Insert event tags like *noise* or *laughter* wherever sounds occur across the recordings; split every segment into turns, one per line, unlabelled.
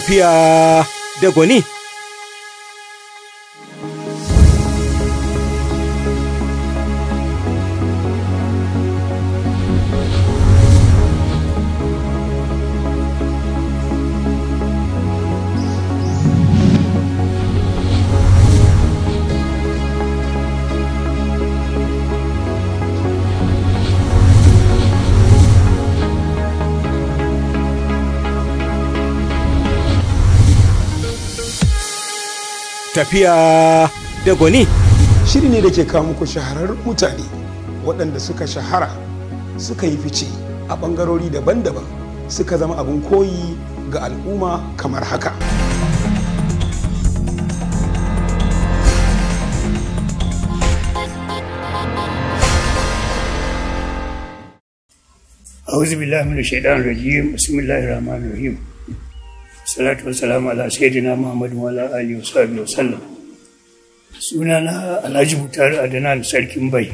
tafiya da gwani. tafiya da gwani. Shiri ne da ke kawo muku shahararrun mutane waɗanda suka shahara suka yi fice a ɓangarori daban-daban suka zama abin koyi ga al'umma kamar haka. أعوذ بالله من الشيطان الرجيم بسم الله الرحمن الرحيم salatu wa salamu ala sayyidina muhammadu wa ala alihi wa sahbihi wa sallam suna na alhaji mutar adnan sarkin bai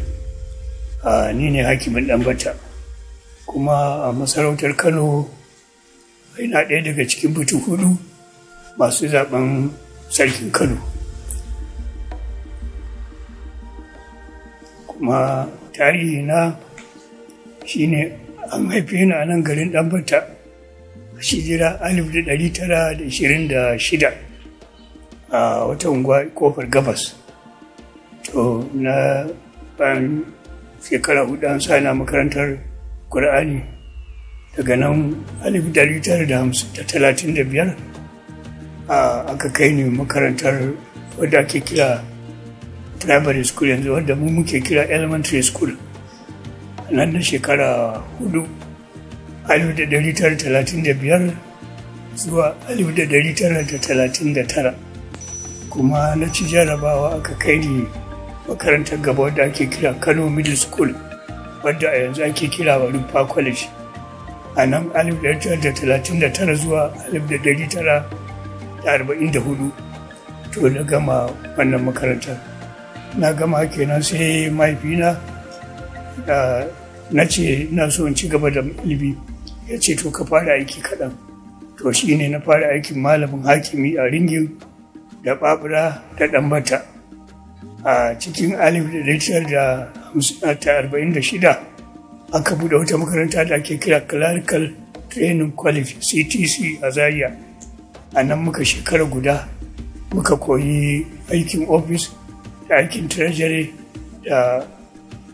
a ni ne hakimin dambata kuma a masarautar kano ina ɗaya daga cikin butu hudu masu zaben sarkin kano kuma tarihi na shine an haife ni a nan garin dambata shijira 1926 a wata unguwa kofar gabas to na bayan shekara hudu an sana makarantar ƙur'ani daga nan 1935 aka kai ni makarantar wadda ake kira primary school yanzu wadda mu muke kira elementary school nan na shekara hudu 1935 zuwa 1939 kuma na ci jarabawa aka kai ni makarantar gaba wadda ake kira kano middle school wadda a yanzu ake kira warufa college a nan 1939 zuwa 1944 to na gama wannan makarantar na gama kenan sai mahaifina ah, na ce na so in ci gaba da ilimi ya ce to ka fara aiki kaɗan to shi ne na fara aikin malamin hakimi a ringin da babura da ɗanbata. a cikin alif da da arba'in shida aka buɗe wata makaranta da ake kira clerical training college ctc a zaria a nan muka shekara guda muka koyi aikin ofis da aikin treasury da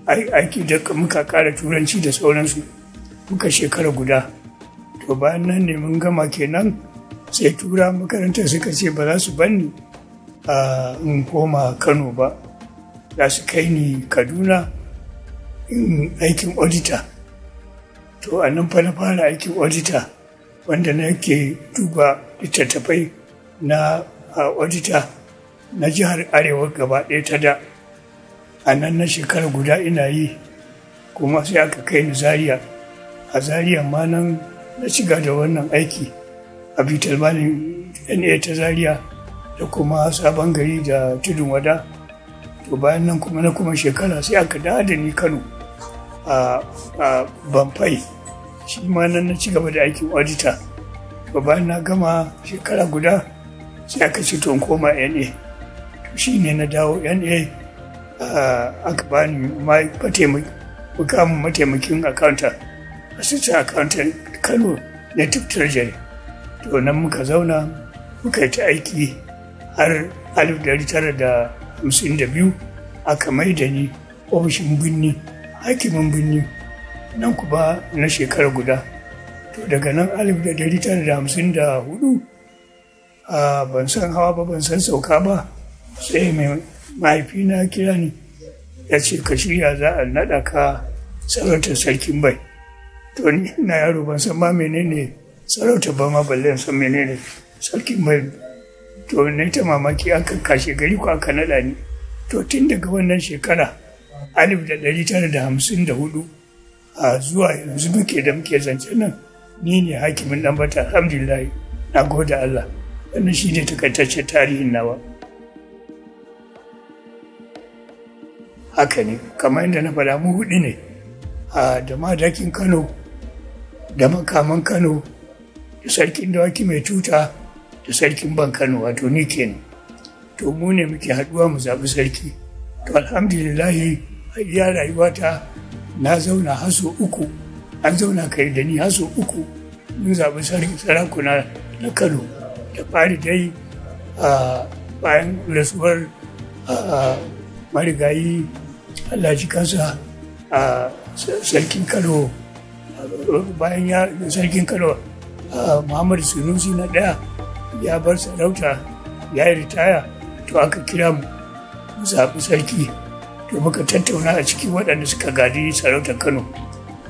aiki da muka ƙara turanci da sauransu muka shekara guda to bayan nan ne mun gama kenan sai tura makarantar suka ce ba za su banni a in koma kano ba za su kai ni kaduna in aikin auditor to a nan fa na fara aikin auditor wanda na ke duba littattafai na auditor na jihar arewa gaba ɗaya ta da a nan na shekara guda ina yi kuma sai aka kai ni zaria a Zariya ma nan na shiga da wannan aiki a bitalmanin na ta Zariya da kuma sabon gari da tudun wada to bayan nan kuma na kuma shekara sai aka da da ni kano a bamfai shi ma nan na cigaba da aikin audita. to bayan na gama shekara guda sai aka ce to koma na to shi ne na dawo na aka bani mukamin mataimakin accountant a accountant kano na native treasury to nan muka zauna muka yi ta aiki har 1952 aka mai da ni ofishin birni hakimin birni nan kuma na shekara guda to daga nan 1954 a ban san hawa ba ban san sauka ba sai mai mahaifi na kira ni ya ce ka shirya za a naɗa ka sarautar sarkin bai to ni ina yaro ban san ma menene sarauta ba ma balle san menene sarki mai to ni ta mamaki aka kashe gari ko aka naɗa ni to tun daga wannan shekara alif da ɗari tara da hamsin da hudu a zuwa yanzu muke da muke zance nan ni ne hakimin dan bata alhamdulillah na gode Allah wannan shi ne takaitaccen tarihin nawa haka ne kamar yadda na faɗa mu hudu ne a da madakin Kano da makaman kano da sarkin dawaki mai tuta da sarkin ban kano wato ni kenan to mu ne muke haɗuwa mu zaɓi sarki to alhamdulillahi ya rayuwata na zauna haso uku an zauna kai da ni haso uku mun zaɓi sarki sarakuna na kano da fari dai bayan rasuwar marigayi Allah ji kansa sarkin kano bayan ya sarkin kano muhammadu sunusi na ɗaya ya bar sarauta ya yi ritaya to aka kira mu mu zaɓi sarki to muka tattauna a cikin waɗanda suka gadi sarautar kano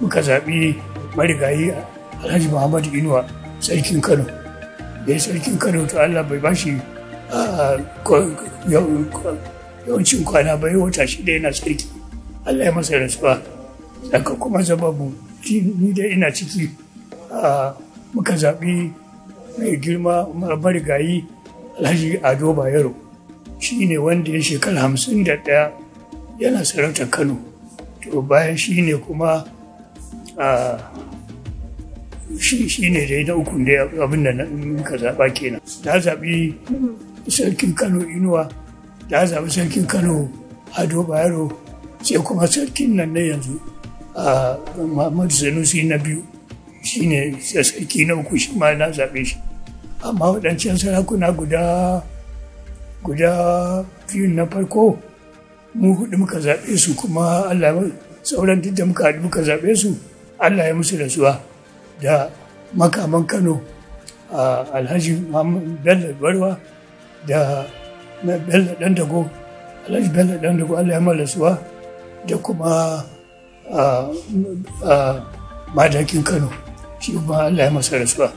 muka zaɓi marigayi alhaji muhammadu inuwa sarkin kano da sarkin kano to allah bai bashi yawancin kwana bai wata shida yana sarki allah ya masa rasuwa saka kuma zama mu ni da ina ciki ah, muka zaɓi mai girma marigayi alhaji ado bayero shi ne wanda ya shekara hamsin da ɗaya yana sarautar kano to bayan shi ne kuma ah, shi ne dai na ukun da abin da muka zaɓa kenan ta zaɓi sarkin kano inuwa ta zaɓi sarkin kano ado bayero sai kuma sarkin nan na yanzu Muhammadu Sanusi na biyu shi ne sarki na uku shi ma na zaɓe shi amma waɗancan sarakuna guda guda biyu na farko mu hudu muka zaɓe su kuma Allah sauran duk da muka haɗu muka zaɓe su Allah ya musu rasuwa da makaman Kano Alhaji Muhammad Bello Barwa da Bello Dandago Alhaji Bello Dandago Allah ya rasuwa da kuma madakin kano shi ba allah ya masa rasuwa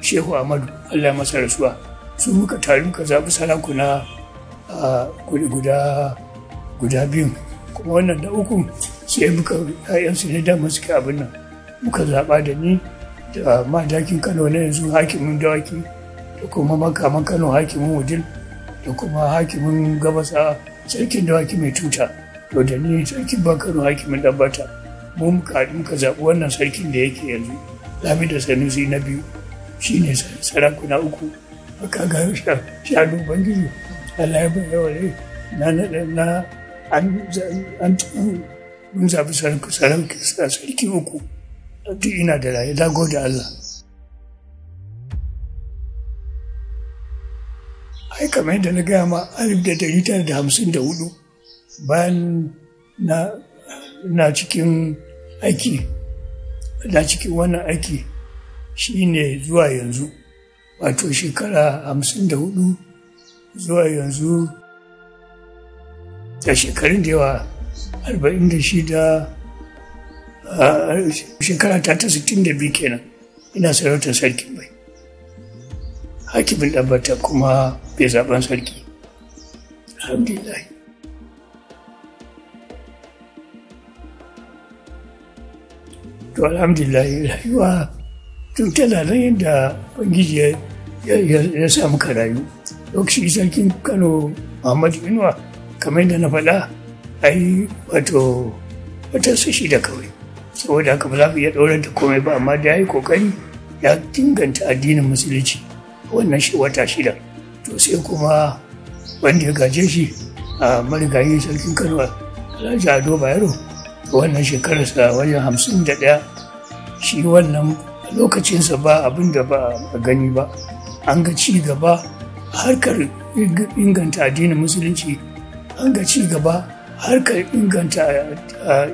shehu amadu allah ya masa rasuwa su muka taru muka zaɓi sarakuna guda guda biyu kuma wannan da uku sai muka ‘ya'yansu ne dama suke abin nan muka zaɓa da ni da madakin kano na yanzu hakimin dawaki da kuma makaman kano hakimin wudil da kuma hakimin gabasa sarkin dawaki mai tuta. to da ni sarkin bakano hakimin ɗabbata mun kaɗi muka zaɓi wannan sarkin da yake yanzu lami da sanusi na biyu shi ne sarakuna uku aka ga shanu bangiji allah ya bayyaware na na an mun zaɓi sarki uku duk ina da raye da gode allah ai kamar yadda na gaya ma alif da dari tara da hamsin da hudu bayan na, na cikin aiki na cikin wannan aiki shi ne zuwa yanzu wato shekara hamsin da hudu zuwa yanzu da shekarun da yawa arba'in da shida shekara ta ta sittin da biyu kenan ina sarautar sarkin bai hakimin ɗabbata kuma bai zaben sarki alhamdulillah to alhamdulillah rayuwa tun tana nan yadda bangiji ya samu ka rayu lokacin sarkin kano muhammadu inuwa kamar yadda na faɗa ai wato matarsa shi da kawai saboda haka ba za ku iya ɗaurar da komai ba amma da ya yi kokari ya dinganta addinin musulunci wannan shi wata shida to sai kuma wanda ya gaje shi a marigayi sarkin kano alhaji ado bayero wannan shekararsa wajen hamsin da ɗaya shi wannan lokacinsa ba abin da ba a gani ba an ga ci gaba harkar inganta addinin musulunci an ga ci gaba harkar inganta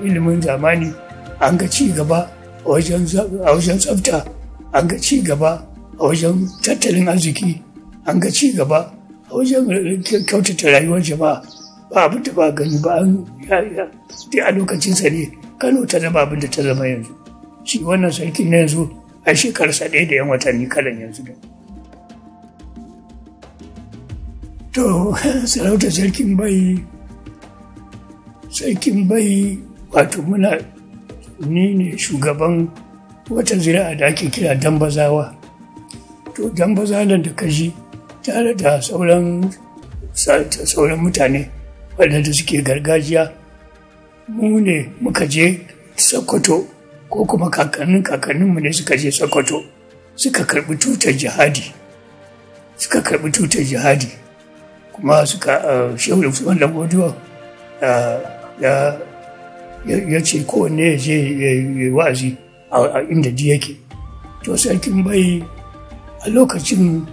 ilimin zamani an ga ci gaba a wajen tsafta an ga ci gaba a wajen tattalin arziki an ga ci gaba a wajen kyautata rayuwar jama'a ba abin da ba gani ba an dai a lokacinsa ne kano ta zama abin da ta zama yanzu shi wannan sarki na yanzu a shekarsa ɗaya da yan watanni kalan yanzu da to *laughs* sarauta sarkin bai sarkin bai wato muna ni ne shugaban wata zira'a da ake kira dambazawa to dambazalan da kaji tare da sauran sauran mutane waɗanda suke gargajiya mu ne muka je sokoto ko kuma kakannin kakanninmu ne suka je sokoto suka karɓi tutar jihadi suka karɓi tutar jihadi kuma suka shehu da wannan godiyo ya ce kowanne ya je wa'azi a inda ji yake to sarkin bai a lokacin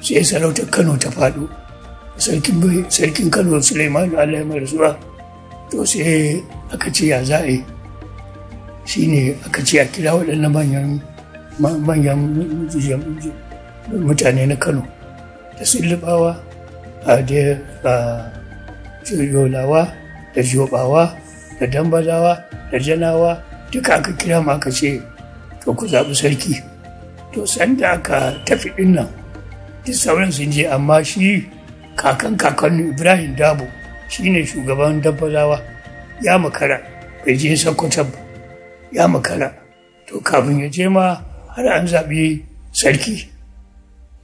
sai sarautar kano ta faɗo sarkin bai sarkin kano suleiman allah mai rasuwa to sai aka ce ya za a shi ne aka ce a kira waɗannan manyan manyan mutane na kano da a da yolawa da jobawa da dambalawa da janawa duka aka kira ma aka ce to ku zaɓi sarki to sanda aka tafi ɗin nan duk sauran sun je amma shi kakan kakan ibrahim dabo shine shugaban dabbazawa ya makara bai je sakwata ba ya makara to kafin ya je ma har an zaɓi sarki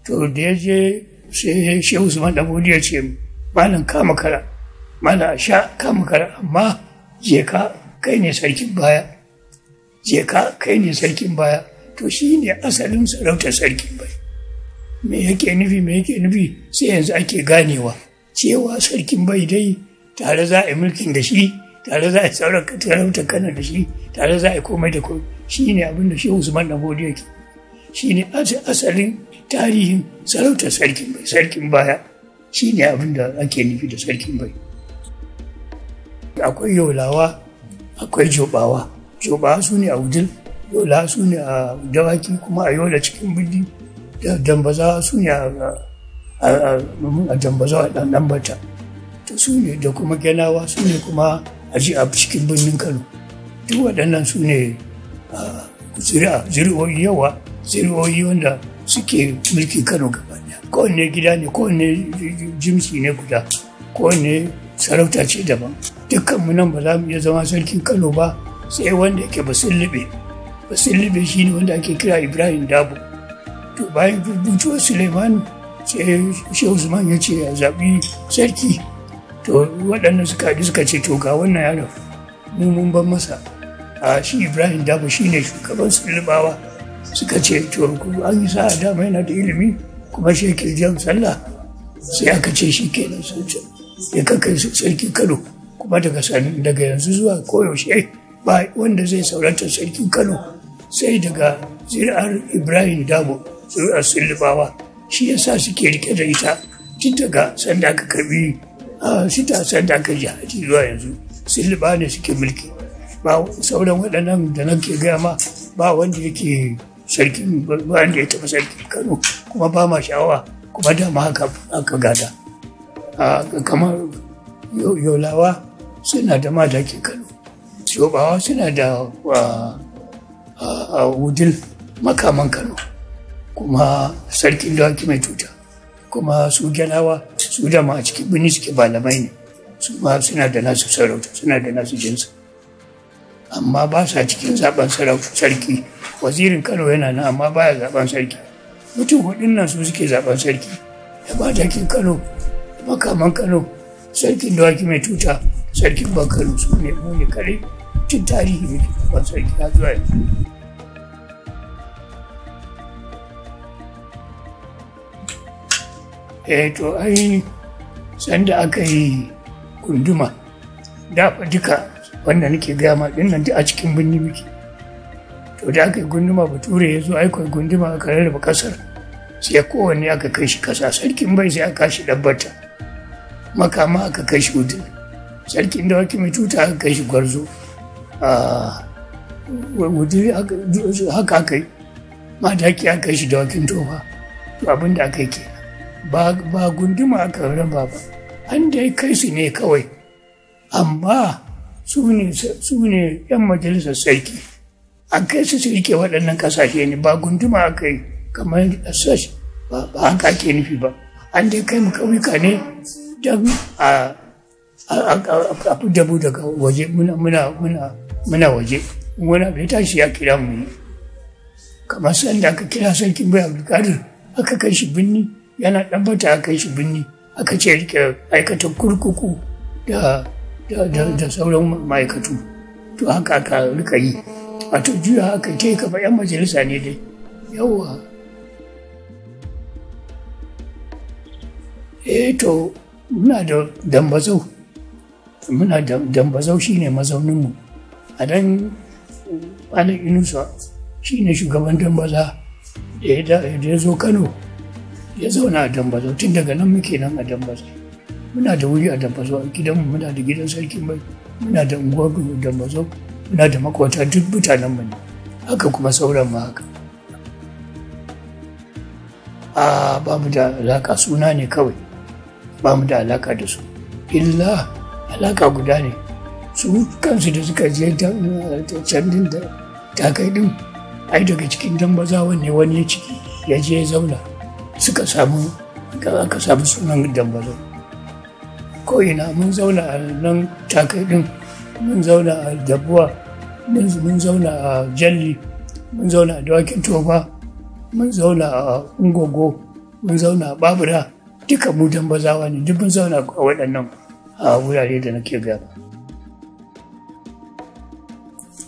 to da ya je sai shehu usman dabodi ya ce malam ka makara malam sha ka makara amma je ka kai ne sarkin baya je ka kai ne sarkin baya to shi ne asalin sarautar sarkin baya me yake nufi me yake nufi sai yanzu ake ganewa cewa sarkin bai dai tare za a yi mulkin da shi tare za a yi sarauta kana da shi tare za a yi komai da komai shi ne abin da shi usman na bodi yake shi ne asalin tarihin sarauta sarkin bai sarkin baya shi ne abin da ake nufi da sarkin bai akwai yolawa akwai jobawa jobawa su ne a wudil yola su ne a dawaki kuma a yola cikin birni dambaza su ne a dambaza a ɗanɗambata su ne da kuma genawa su ne kuma a ji a cikin birnin kano duk waɗannan su ne zuri'o'i yawa zuri'o'i wanda suke mulki kano gaba ɗaya kowanne gida ne kowanne jimsi ne guda kowanne sarauta ce daban dukkan mu nan ba za mu iya zama sarkin kano ba sai wanda yake basullube shi ne wanda ake kira ibrahim dabo to bayan mutuwar suleiman sai shi usman ya ce a zaɓi sarki to waɗanda suka haɗu suka ce to ga wannan yaron mu mun ban masa a shi ibrahim dabo shi ne shugaban sulubawa suka ce to an yi sa'a dama yana da ilimi kuma shi ke jan sallah sai aka ce shi kenan sarki ya kakai sarki kano kuma daga daga yanzu zuwa koyaushe ba wanda zai saurata sarki kano sai daga zira'ar ibrahim dabo sun lubawa shi ya sa suke rike da ita tun daga sanda ka karbi a sita sanda ka ji haji zuwa yanzu sun ne suke mulki ba sauran waɗannan da nan ke gaya ma ba wanda yake sarkin ba wanda ya taɓa sarkin kano kuma ba ma sha'awa kuma da ma haka aka gada kamar yolawa suna da da ke kano yobawa suna da wudil makaman kano kuma sarkin dawaki mai tuta kuma su gyalawa su dama a cikin bini suke balamai ne su ma suna da nasu sarauta suna da nasu jinsi, amma ba sa cikin zaben sarauta sarki wazirin kano yana nan amma baya zaben sarki mutum hudun nan su suke zaben sarki da matakin kano makaman kano sarkin dawaki mai tuta sarkin bakano su ne mu ne kare tun tarihi muke zaben sarki ya zuwa yanzu eh to ai sanda aka yi gunduma da fa duka wannan nake gaya ma din nan a cikin birni muke to da aka yi gunduma bature ya zo ai kai gunduma aka rarraba kasar sai kowanne aka kai shi kasa sarkin bai sai aka shi dabbata makama aka kai shi udin sarkin da wake mai tuta aka kai shi gwarzo a wudiri haka aka yi mataki aka kai shi da wakin tofa to abin da aka yi ba gunduma a raba ba an da ya kai su ne kawai amma su ne 'yan majalisar sarki An kai su su rike waɗannan ƙasashe ne ba gunduma a kai kamar sash ba haka ke nufi ba an dai kai mu ƙauyuka ne don a fi dabu daga waje muna waje wani abu ya tashi ya kira mu kamar sanda aka kira sarkin bai abdulkadir aka kai shi binni yana ɗabbata aka a kai shi binni aka ce rike aikata kurkuku da sauran ma'aikatu to haka aka rika yi to juya haka ta kafa 'yan majalisa ne dai yawwa eh to muna da dambazau muna da dambazau shine mazauninmu a dan ana inusa shine shugaban dambaza da ya zo kano ya zauna a dambazo tun daga nan muke nan a dambazo muna da wuri a dambazo a gidanmu muna da gidan sarki mai muna da unguwar dambazo muna da makwata duk mutanen mu ne haka kuma sauran ma haka a ba mu da alaka suna ne kawai ba mu da alaka da su illa alaka guda ne su kansu da suka je can din da takai din ai daga cikin dambazawan ne wani ya ciki ya je ya zauna suka samu aka samu sunan dambazo ko ina mun zauna a nan takai din mun zauna a dabuwa mun zauna a jalli mun zauna a dawakin toba mun zauna a ungogo mun zauna a babura duka mu dambazawa ne duk mun zauna a waɗannan a wurare da nake gama.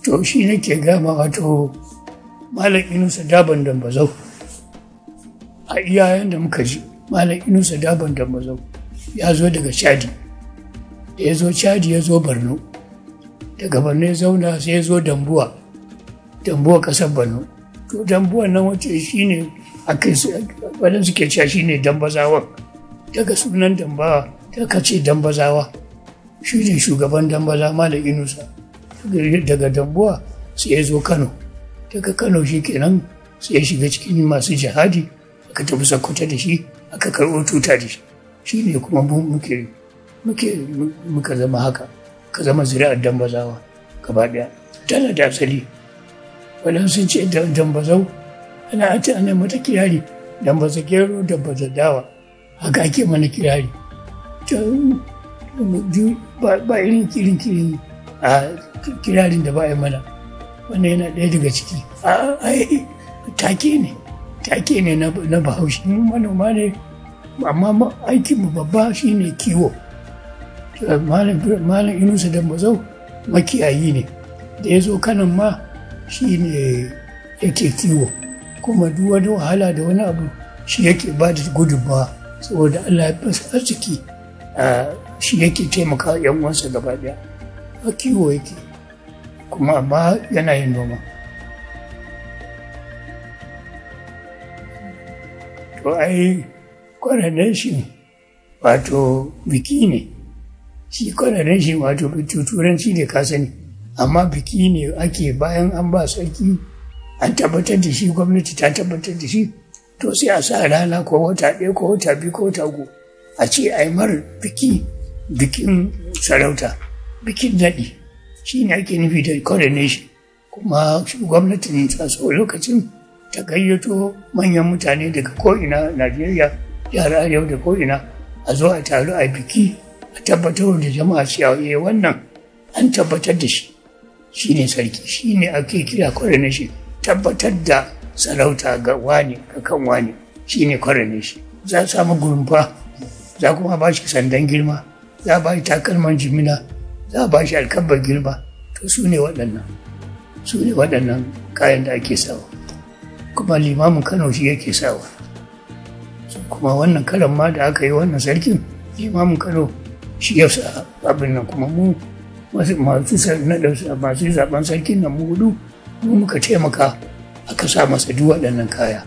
to shi nake gama wato malam inusa daban dambazau a iyayen da muka ji malam inusa daban da mazau ya zo daga chadi da ya zo chadi ya zo borno daga borno ya zauna sai ya zo dambuwa dambuwa kasar borno to dambuwa nan wace shi ne a kai wadanda suke cewa shi ne dambazawa daga sunan dambawa ta kace dambazawa shi ne shugaban dambaza malam inusa daga dambuwa sai ya zo kano daga kano shi kenan sai ya shiga cikin masu jihadi aka tafi sakwata da shi aka karɓo tuta da shi shi ne kuma muke muka zama haka ka zama zuri'ar dambazawa gaba ɗaya tana da asali wani sun ce dambazau ana ati ana mata kirari dambaza gero dambaza dawa haka ake mana kirari ba irin kirin kirin a kirarin da ba a yi mana wannan yana ɗaya daga ciki a take ne take ne na bahaushe mu manoma ne amma aikinmu babba shine kiwo malam inusa da mazau makiyayi ne da ya zo kanan ma shi ne yake kiwo kuma duk wani wahala da wani abu shi yake ba da gudunmawa saboda allah ya fasa arziki shi yake taimaka yan uwansa gaba daya kiwo yake kuma amma yana yin noma to ai coronation wato biki ne shi coronation wato turanci ne ka sani amma biki ne ake bayan an ba sarki an tabbatar da shi gwamnati ta tabbatar da shi to sai a sa rana ko wata ɗaya ko wata biyu ko wata uku a ce a yi mar biki bikin sarauta bikin daɗi shi ne ake nufi da coronation kuma gwamnatin ta sau lokacin ta gayyato manyan mutane daga ko'ina najeriya yara yau da ko'ina a zo a taru a biki a tabbatar da jama'a cewa eh wannan an tabbatar da shi shi ne sarki shi ne ake kira shi. tabbatar da sarauta ga wani ga kan wani shi ne shi. za a samu gurumfa za kuma ba shi sandan girma za a ba shi takalman jimina za a ba shi alkabar girma to su ne waɗannan su ne waɗannan kayan da ake sawa kuma limamin kano shi yake sawa kuma wannan karan ma da aka yi wannan sarkin limamin kano shi ya sa abin nan kuma mu masu zaben sarkin nan mu hudu mu muka taimaka aka sa masa duk waɗannan kaya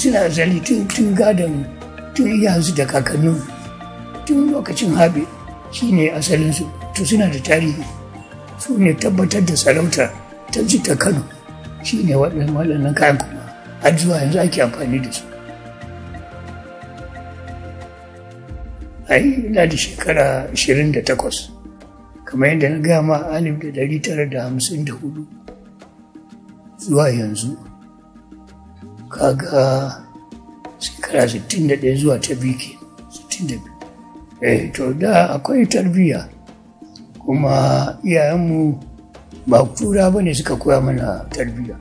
suna zali tun gadon tun iyayensu da kakannin tun lokacin habe shi asalinsu to suna da tarihi su ne tabbatar da sarauta ta ji ta kano shi ne waɗannan kayan kuma har zuwa yanzu ake amfani da su A yi ina da shekara 28 kamar yadda na gama alif da 954 zuwa yanzu kaga shekara 61 zuwa ta biki 62 eh to da akwai tarbiyya kuma iyayenmu ba kura ba ne suka koya mana tarbiyya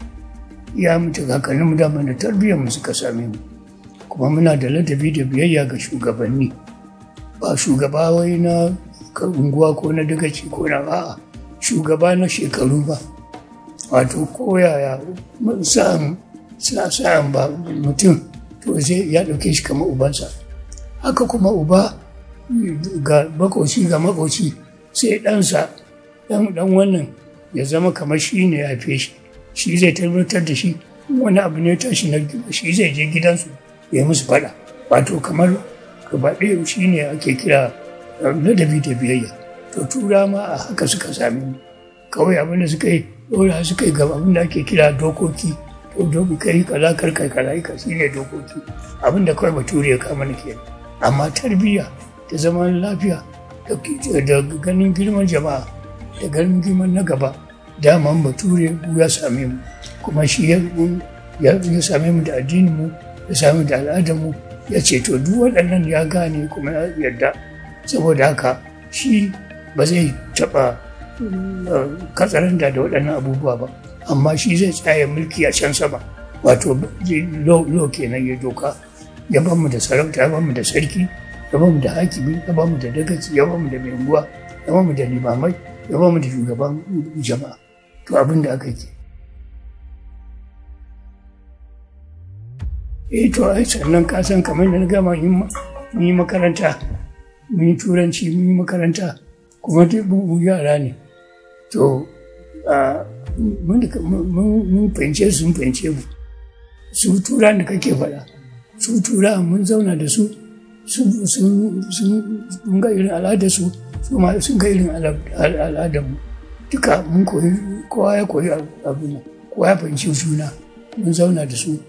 iyayenmu ta kakanninmu da mana tarbiyyar mu suka same mu kuma muna da ladabi da biyayya ga shugabanni ba shugaba wai na unguwa ko na dagaci ko na a'a shugaba na shekaru ba wato koyaya mun suna sayan ba mutum to zai ya ɗauke shi kamar ubansa haka kuma uba ga makoci ga makoci sai ɗansa ɗan wannan ya zama kamar shi ne ya haife shi shi zai tabbatar da shi wani abu ne tashi na shi zai je gidansu ya musu faɗa wato kamar gaba ɗaya shi ne ake kira eh, ladabi da biyayya to tura ma a haka suka sami kawai abin da suka yi dora suka yi gaba abin da ake kira dokoki to dokoki kai kaza kar kai kaza ka shi ne dokoki abin da kawai bature ya kama na kenan amma tarbiyya ta zaman lafiya da ganin girman jama'a da ganin girman na gaba daman bature ya same mu kuma shi ya same mu da addinin mu ya same mu da al'adar mu ya ce to duk waɗannan ya gane kuma ya yarda saboda haka shi ba zai taɓa eh, katsaranda da waɗannan abubuwa ba amma shi zai tsaya mulki a can sama wato lo kenan ya doka ya bamu da sarauta ya bamu da sarki ya mu da hakimi ya mu da dagaci ya mu da mai unguwa mu da limamai ya mu da shugaban jama'a to abin da aka ke eh to ai sannan ka san kamar da na gama mun yi makaranta mun yi turanci mun yi makaranta kuma mu yara ne to mun fahimce sun fahimce mu su tura da kake faɗa su tura mun zauna da su sun ga irin al'adar su ma sun ga irin mu duka mun koyi kowa ya koyi abu ne kowa ya fahimci juna mun zauna da su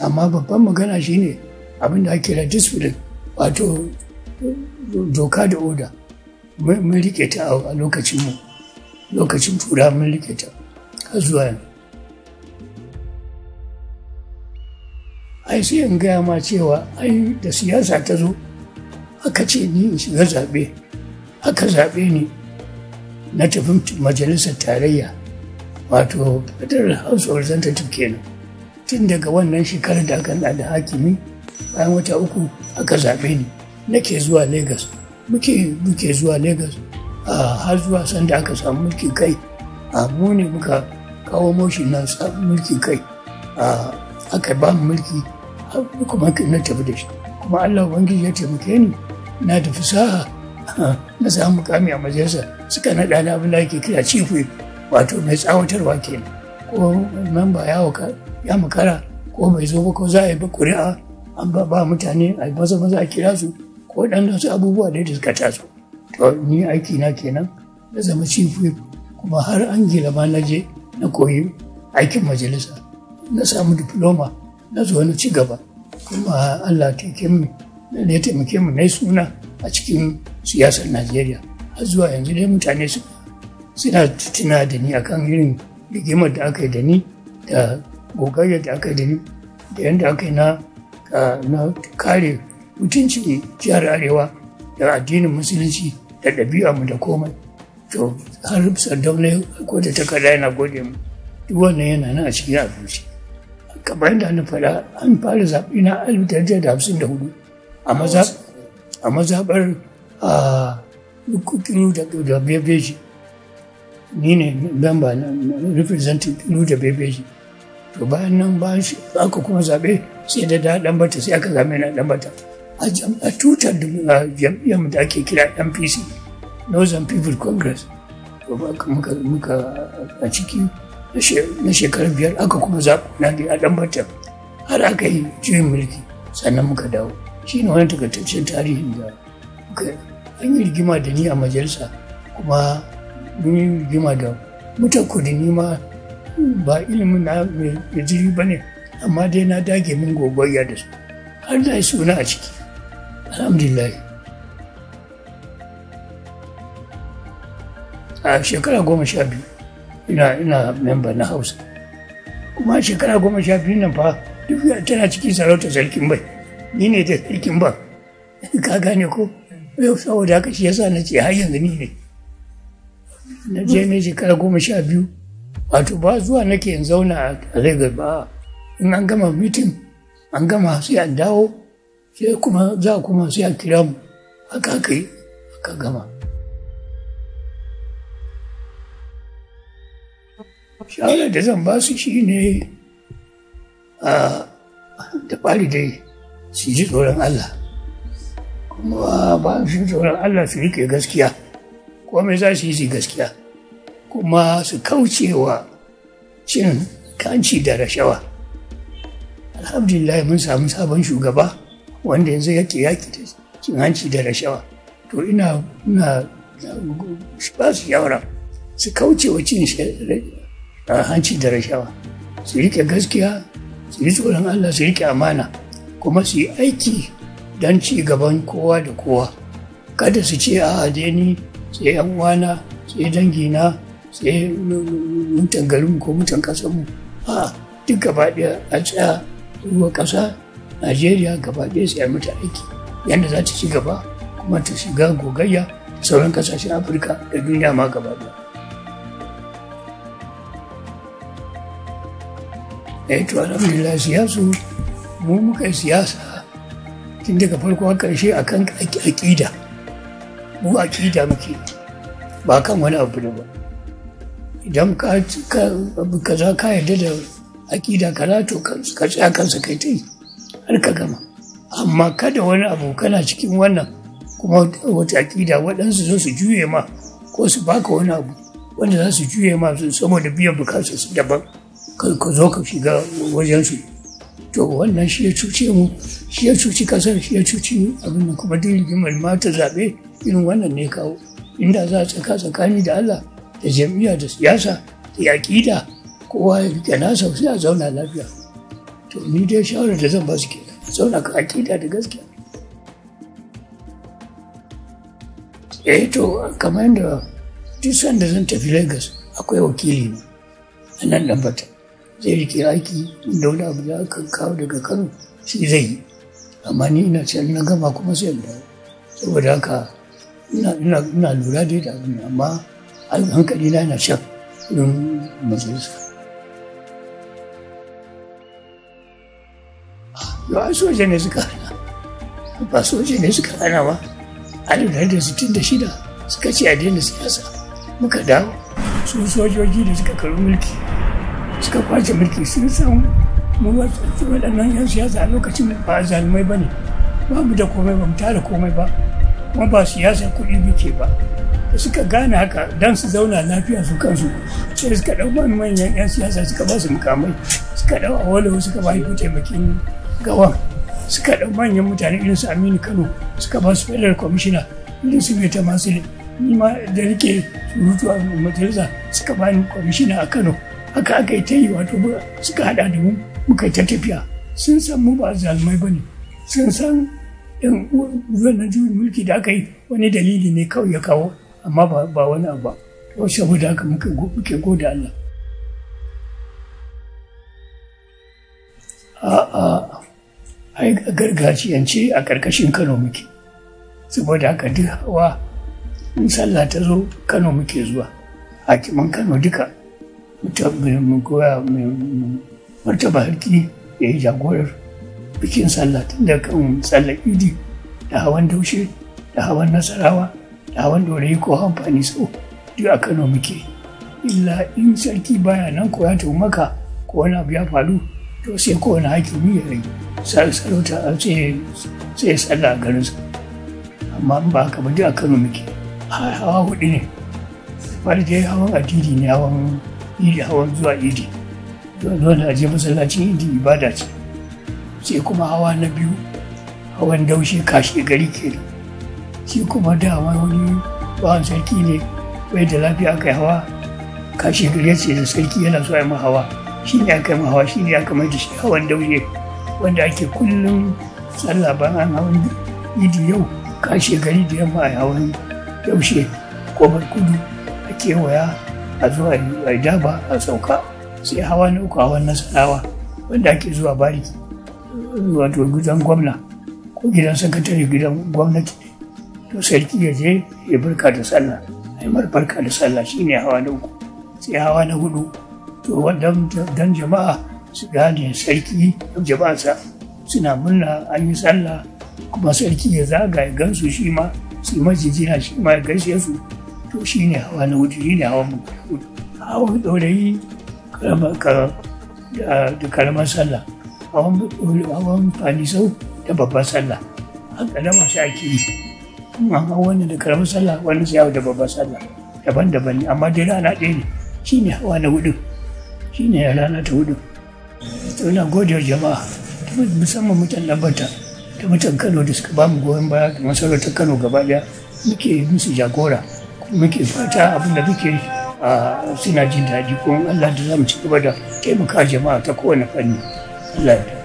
amma babban magana shine abin da ake da discipline wato doka da oda mun rike ta a mu. lokacin tura mun rike ta har zuwa yanzu ai sai in gaya ma cewa ai da siyasa ta zo aka ce ni in shiga zaɓe aka zaɓe ni na tafi majalisar tarayya wato federal house of representative kenan tun daga wannan shekarar da aka da hakimi bayan wata uku aka zaɓe ni nake zuwa lagos muke muke zuwa lagos har zuwa sanda aka samu mulki kai a ne muka kawo moshi na mulki kai aka ba mulki kuma na tafi da shi kuma Allah Ubangiji ya taimake ni na da fasaha na samu mukami a majalisa suka naɗa na abin da ake kira cifu wato mai tsawatarwa kenan ko memba ya makara ko bai zo ba ko za a yi ba ƙuri'a an ba mutane a maza maza a kira su ko ɗan su abubuwa da da suka taso to ni aiki na kenan na zama cifu kuma har an gila ma na je na koyi aikin majalisa na samu diploma na zo na ci gaba kuma Allah taimake mu ya taimake mu na suna a cikin siyasar Najeriya har zuwa yanzu dai mutane su suna tuna da ni kan irin rigimar da aka yi da ni da gogayya da aka yi da ni da yadda aka yi na kare mutuncin jihar arewa da addinin musulunci da ɗabi'a mu da komai to har sardaunai ko da takarda yana gode mu duk wannan yana nan a cikin abinci kamar yadda na faɗa an fara zaɓe na 1954 a mazaɓar a kuru da bebeji ni ne memba na representing kuru da bebeji to bayan nan ba shi, aka kuma zaɓe sai da da ɗan bata sai aka zame na ɗan bata a tutar da jam'iyyar da ake kira npc northern people congress to muka a ciki na shekaru biyar aka kuma zaɓi na a ɗan har aka yi juyin mulki sannan muka dawo shi ne wani takaitaccen tarihi da an yi rigima da ni a majalisa kuma mun yi rigima da mutan kudi ni ma ba ilimin na mai jiri ba ne amma dai na dage min gogoya da su har da suna a ciki alhamdulillah a shekara goma sha biyu ina ina memba na hausa kuma shekara goma sha biyu nan fa duk tana cikin sarauta sarkin bai ni ne ta sarkin ba ka gane ko yau saboda haka shi yasa na ce har yanzu ni ne na je ne shekara goma sha biyu wato ba zuwa nake in zauna a Lagos ba in an gama mitin an gama sai an dawo sai kuma za kuma sai a kira mu haka kai haka gama shawarar da zan ba su shi ne a da fari dai su ji tsoron Allah kuma ba su ji tsoron Allah su rike gaskiya komai za su yi su gaskiya kuma su kaucewa cin kanci da rashawa alhamdulillah mun samu sabon shugaba wanda yanzu yake yaki da cin hanci da rashawa to ina ina ba su shawara su kaucewa cin hanci da rashawa su riƙe gaskiya su yi tsoron allah su rike amana kuma su yi aiki don ci gaban kowa da kowa kada su ce a dai ni sai yan uwana sai dangina sai mutan garin ko mutan ƙasarmu a duk gaba a tsaya ruwa ƙasa najeriya gaba ɗaya sai mata aiki yadda za ta ci gaba kuma ta shiga gogayya sauran ƙasashen afirka da duniya ma gaba ɗaya Edward Abdullahi Siyasu mu muka yi siyasa tun daga farko a ƙarshe a kan aƙida mu aƙida muke ba kan wani abu da ba idan ka za ka yarda da aƙida kaza to ka tsaya kansa kai ta yi har ka gama amma kada wani abu kana cikin wannan kuma wata aƙida waɗansu zo su juye ma ko su baka wani abu wanda za su juye ma saboda biyan bukatarsu daban ka zo ka shiga wajensu to wannan shi ya cuce mu shi ya cuci kasar shi ya cuci abin da kuma duk rigimar mata zaɓe irin wannan ne kawo inda za a tsaka tsakani da Allah da jam'iyya da siyasa da yaƙida kowa ya rike nasa sai a zauna lafiya to ni dai shawarar da zan ba su ke zauna ka aƙida da gaskiya eh to kamar yadda duk sanda zan tafi Lagos akwai wakili ne a nan lambata. zai rike aiki inda wani abu da aka kawo daga kano shi zai yi amma ni ina can na gama kuma sai da saboda haka ina lura dai da abin amma hankali na yana shan don majalisa Ba soja ne suka hana ba soja ne suka hana ba alif da sittin da shida suka ce a daina siyasa muka dawo su sojoji da suka karu mulki suka kwace mulki sun san mu waɗannan 'yan siyasa a lokacin da ba zalumai ba ne ba mu da komai ba mu tara komai ba kuma ba siyasa kuɗi muke ba da suka gane haka don su zauna lafiya su kansu sai suka ɗau manyan 'yan siyasa suka ba su mukamai suka ɗau a walewa suka ba ku taimakin gawan suka ɗau manyan mutane irin su aminu kano suka ba su federal commissioner irin su beta masu ni ma da rike surutu a majalisa suka ba ni commissioner a kano haka aka yi ta yi wato suka haɗa da mu muka yi ta tafiya sun san mu ba zalmai ba ne sun san yan uwan na juyin mulki da aka yi wani dalili ne kawai ya kawo amma ba wani abu ba to saboda haka muke gode Allah a ai gargajiyance a karkashin Kano muke saboda haka duk hawa in sallah ta zo Kano muke zuwa hakiman Kano duka mu koya martaba harki ya yi jagorar bikin sallah tun da kan sallar idi da hawan daushe da hawan nasarawa da hawan dorayi ko amfani so duk a kano muke illa in sarki baya nan ko ya maka ko wani abu ya faru to sai ko wani hakimi ya rai sarauta sai sallah a garinsa amma ba haka ba duk a kano muke hawa hudu ne farje hawan addini ne hawan iri hawan zuwa idi dole a je masallacin idi ibada ce sai kuma hawa na biyu hawan daushe kashe gari ke shi kuma dama wani bawan sarki ne bai da lafiya aka yi hawa kashe gari ce da sarki yana so a hawa shi ne aka yi hawa shi ne aka mai shi hawan daushe wanda ake kullum sallah bayan hawan idi yau kashe gari da yamma a hawan daushe kofar kudu a kewaya a zuwa a jaba a sauka sai hawa na uku hawan nasarawa wanda ake zuwa bariki wato gidan gwamna ko gidan sakatare gidan gwamnati to sarki ya je ya barka da sallah a yi barka da sallah shi ne hawa na uku sai hawa na hudu to dan jama'a su gane sarki jama'a suna murna an yi sallah kuma sarki ya zaga ya gansu shi ma su yi majijina shi ma ya gaishe su to shi ne hawa na hudu shi ne hawa mu hudu hawan ɗorayi da ƙaramar sallah hawan sau da babban sallah haka da masu ake yi amma wani da ƙaramar sallah wani sai da babban sallah daban-daban ne amma dai rana ɗaya ne shi ne hawa na hudu shi ne rana ta hudu to na gode wa jama'a musamman mutan lambata da mutan kano da suka ba mu goyon baya da masarautar kano gaba ɗaya muke musu jagora muke fata abin da muke suna jin daji kuma Allah da za mu ci gaba da taimaka jama'a ta kowane fanni. Allah ya